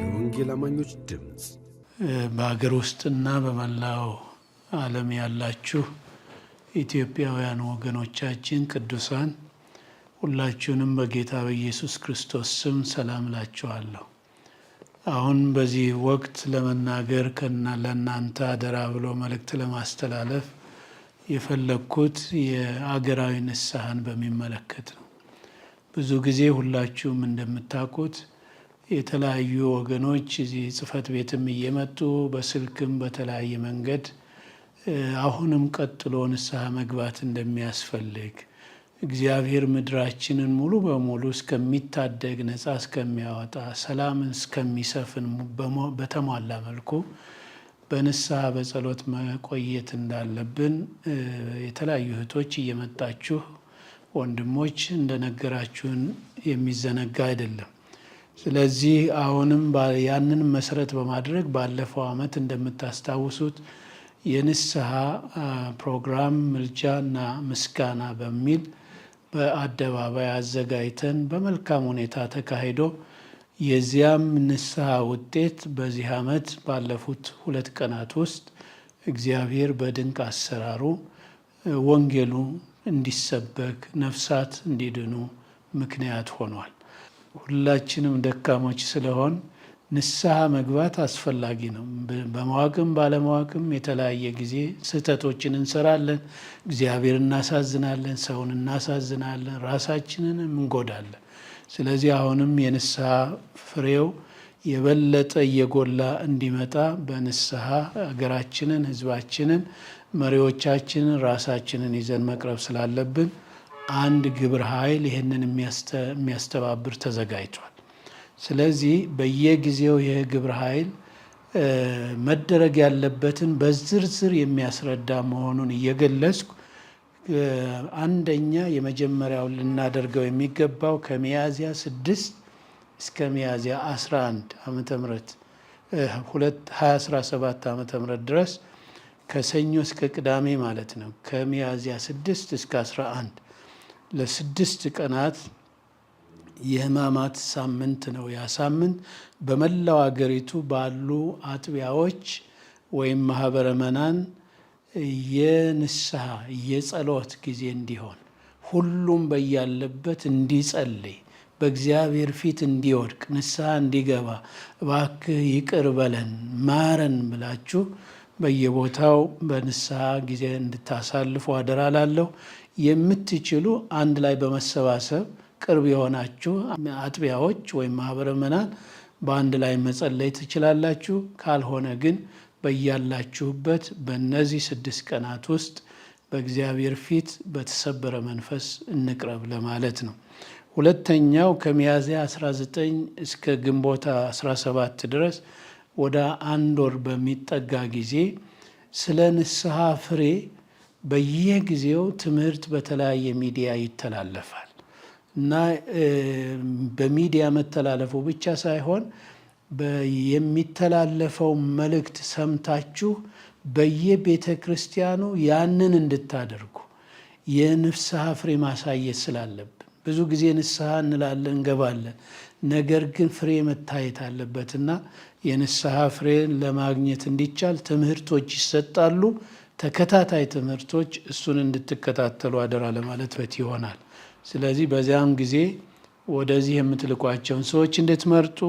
የወንጌል አማኞች ድምፅ። በሀገር ውስጥና በመላው ዓለም ያላችሁ ኢትዮጵያውያን ወገኖቻችን ቅዱሳን ሁላችሁንም በጌታ በኢየሱስ ክርስቶስ ስም ሰላም ላችኋለሁ። አሁን በዚህ ወቅት ለመናገር ከና ለእናንተ አደራ ብሎ መልእክት ለማስተላለፍ የፈለግኩት የአገራዊ ንስሐን በሚመለከት ነው። ብዙ ጊዜ ሁላችሁም እንደምታውቁት የተለያዩ ወገኖች እዚህ ጽህፈት ቤትም እየመጡ በስልክም በተለያየ መንገድ አሁንም ቀጥሎ ንስሐ መግባት እንደሚያስፈልግ እግዚአብሔር ምድራችንን ሙሉ በሙሉ እስከሚታደግ ነፃ እስከሚያወጣ ሰላምን እስከሚሰፍን በተሟላ መልኩ በንስሐ በጸሎት መቆየት እንዳለብን የተለያዩ እህቶች እየመጣችሁ ወንድሞች እንደነገራችሁን የሚዘነጋ አይደለም። ስለዚህ አሁንም ያንን መሰረት በማድረግ ባለፈው ዓመት እንደምታስታውሱት የንስሐ ፕሮግራም እና ምስጋና በሚል በአደባባይ አዘጋጅተን በመልካም ሁኔታ ተካሂዶ የዚያም ንስሐ ውጤት በዚህ ዓመት ባለፉት ሁለት ቀናት ውስጥ እግዚአብሔር በድንቅ አሰራሩ ወንጌሉ እንዲሰበክ ነፍሳት እንዲድኑ ምክንያት ሆኗል። ሁላችንም ደካሞች ስለሆን ንስሐ መግባት አስፈላጊ ነው። በማወቅም ባለማወቅም የተለያየ ጊዜ ስህተቶችን እንሰራለን። እግዚአብሔር እናሳዝናለን፣ ሰውን እናሳዝናለን፣ ራሳችንን እንጎዳለን። ስለዚህ አሁንም የንስሐ ፍሬው የበለጠ እየጎላ እንዲመጣ በንስሐ ሀገራችንን፣ ሕዝባችንን መሪዎቻችንን ራሳችንን ይዘን መቅረብ ስላለብን አንድ ግብረ ኃይል ይህንን የሚያስተባብር ተዘጋጅቷል። ስለዚህ በየጊዜው ይህ ግብረ ኃይል መደረግ ያለበትን በዝርዝር የሚያስረዳ መሆኑን እየገለጽኩ አንደኛ የመጀመሪያው ልናደርገው የሚገባው ከሚያዝያ ስድስት እስከ ሚያዝያ 11 ዓመተ ምህረት 2017 ዓመተ ምህረት ድረስ ከሰኞ እስከ ቅዳሜ ማለት ነው። ከሚያዝያ ስድስት እስከ አስራ አንድ ለስድስት ቀናት የህማማት ሳምንት ነው። ያ ሳምንት በመላው አገሪቱ ባሉ አጥቢያዎች ወይም ማህበረ መናን የንስሐ የጸሎት ጊዜ እንዲሆን ሁሉም በያለበት እንዲጸልይ በእግዚአብሔር ፊት እንዲወድቅ ንስሐ እንዲገባ እባክህ ይቅር በለን ማረን ብላችሁ በየቦታው በንስሐ ጊዜ እንድታሳልፉ አደራ ላለሁ። የምትችሉ አንድ ላይ በመሰባሰብ ቅርብ የሆናችሁ አጥቢያዎች ወይም ማህበረ መናን በአንድ ላይ መጸለይ ትችላላችሁ። ካልሆነ ግን በያላችሁበት በእነዚህ ስድስት ቀናት ውስጥ በእግዚአብሔር ፊት በተሰበረ መንፈስ እንቅረብ ለማለት ነው። ሁለተኛው ከሚያዝያ 19 እስከ ግንቦታ 17 ድረስ ወደ አንድ ወር በሚጠጋ ጊዜ ስለ ንስሐ ፍሬ በየጊዜው ትምህርት በተለያየ ሚዲያ ይተላለፋል እና በሚዲያ መተላለፉ ብቻ ሳይሆን የሚተላለፈው መልእክት ሰምታችሁ በየቤተ ክርስቲያኑ ያንን እንድታደርጉ የንስሐ ፍሬ ማሳየት ስላለብን ብዙ ጊዜ ንስሐ እንላለን እንገባለን። ነገር ግን ፍሬ መታየት አለበትና የንስሐ ፍሬን ለማግኘት እንዲቻል ትምህርቶች ይሰጣሉ። ተከታታይ ትምህርቶች እሱን እንድትከታተሉ አደራ ለማለት በት ይሆናል። ስለዚህ በዚያም ጊዜ ወደዚህ የምትልቋቸውን ሰዎች እንድትመርጡ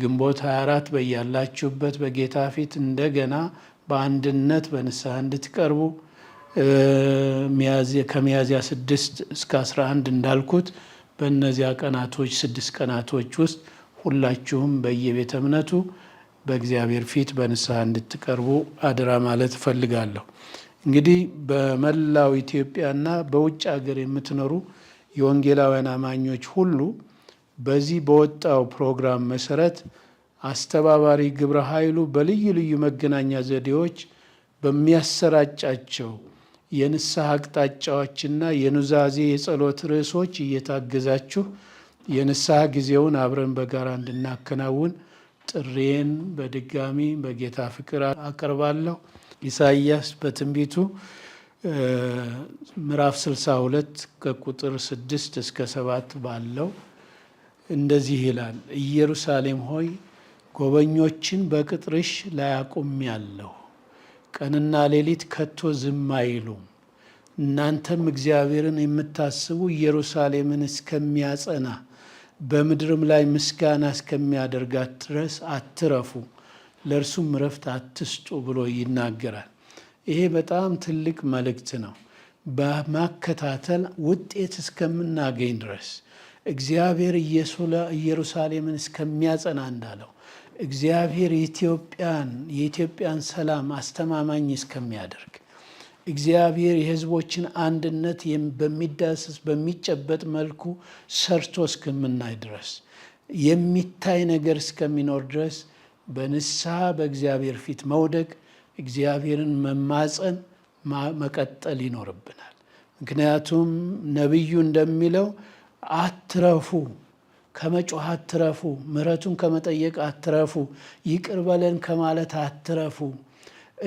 ግንቦት 24 በያላችሁበት በጌታ ፊት እንደገና በአንድነት በንስሐ እንድትቀርቡ ከሚያዝያ ስድስት እስከ አስራ አንድ እንዳልኩት በእነዚያ ቀናቶች ስድስት ቀናቶች ውስጥ ሁላችሁም በየቤተ እምነቱ በእግዚአብሔር ፊት በንስሐ እንድትቀርቡ አደራ ማለት እፈልጋለሁ። እንግዲህ በመላው ኢትዮጵያና በውጭ ሀገር የምትኖሩ የወንጌላውያን አማኞች ሁሉ በዚህ በወጣው ፕሮግራም መሰረት አስተባባሪ ግብረ ኃይሉ በልዩ ልዩ መገናኛ ዘዴዎች በሚያሰራጫቸው የንስሐ አቅጣጫዎችና የኑዛዜ የጸሎት ርዕሶች እየታገዛችሁ የንስሐ ጊዜውን አብረን በጋራ እንድናከናውን ጥሬን በድጋሚ በጌታ ፍቅር አቀርባለሁ። ኢሳይያስ በትንቢቱ ምዕራፍ 62 ከቁጥር 6 እስከ 7 ባለው እንደዚህ ይላል። ኢየሩሳሌም ሆይ ጎበኞችን በቅጥርሽ ላይ አቁሜአለሁ ቀንና ሌሊት ከቶ ዝም አይሉም። እናንተም እግዚአብሔርን የምታስቡ ኢየሩሳሌምን እስከሚያጸና በምድርም ላይ ምስጋና እስከሚያደርጋት ድረስ አትረፉ፣ ለእርሱም ረፍት አትስጡ ብሎ ይናገራል። ይሄ በጣም ትልቅ መልእክት ነው። በማከታተል ውጤት እስከምናገኝ ድረስ እግዚአብሔር ኢየሩሳሌምን እስከሚያጸና እንዳለው እግዚአብሔር የኢትዮጵያን የኢትዮጵያን ሰላም አስተማማኝ እስከሚያደርግ እግዚአብሔር የህዝቦችን አንድነት በሚዳስስ በሚጨበጥ መልኩ ሰርቶ እስከምናይ ድረስ የሚታይ ነገር እስከሚኖር ድረስ በንስሐ በእግዚአብሔር ፊት መውደቅ እግዚአብሔርን መማፀን መቀጠል ይኖርብናል። ምክንያቱም ነቢዩ እንደሚለው አትረፉ ከመጮህ አትረፉ። ምሕረቱን ከመጠየቅ አትረፉ። ይቅር በለን ከማለት አትረፉ።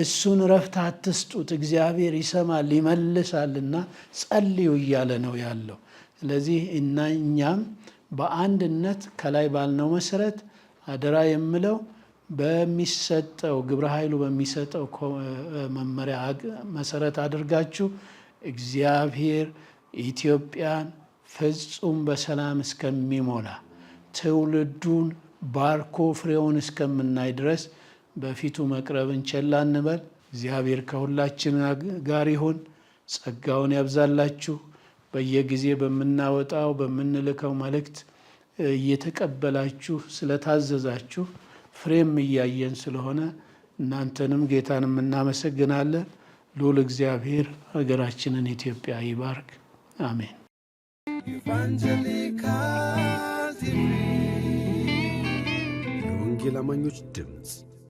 እሱን ረፍት አትስጡት። እግዚአብሔር ይሰማል ይመልሳልና ጸልዩ እያለ ነው ያለው። ስለዚህ እና እኛም በአንድነት ከላይ ባልነው መሰረት አደራ የምለው በሚሰጠው ግብረ ኃይሉ በሚሰጠው መመሪያ መሰረት አድርጋችሁ እግዚአብሔር ኢትዮጵያን ፍጹም በሰላም እስከሚሞላ ትውልዱን ባርኮ ፍሬውን እስከምናይ ድረስ በፊቱ መቅረብን ቸላ እንበል። እግዚአብሔር ከሁላችን ጋር ይሁን። ጸጋውን ያብዛላችሁ። በየጊዜ በምናወጣው በምንልከው መልእክት እየተቀበላችሁ ስለታዘዛችሁ ፍሬም እያየን ስለሆነ እናንተንም ጌታንም እናመሰግናለን። ልዑል እግዚአብሔር ሀገራችንን ኢትዮጵያ ይባርክ። አሜን። የወንጌል አማኞች ድምፅ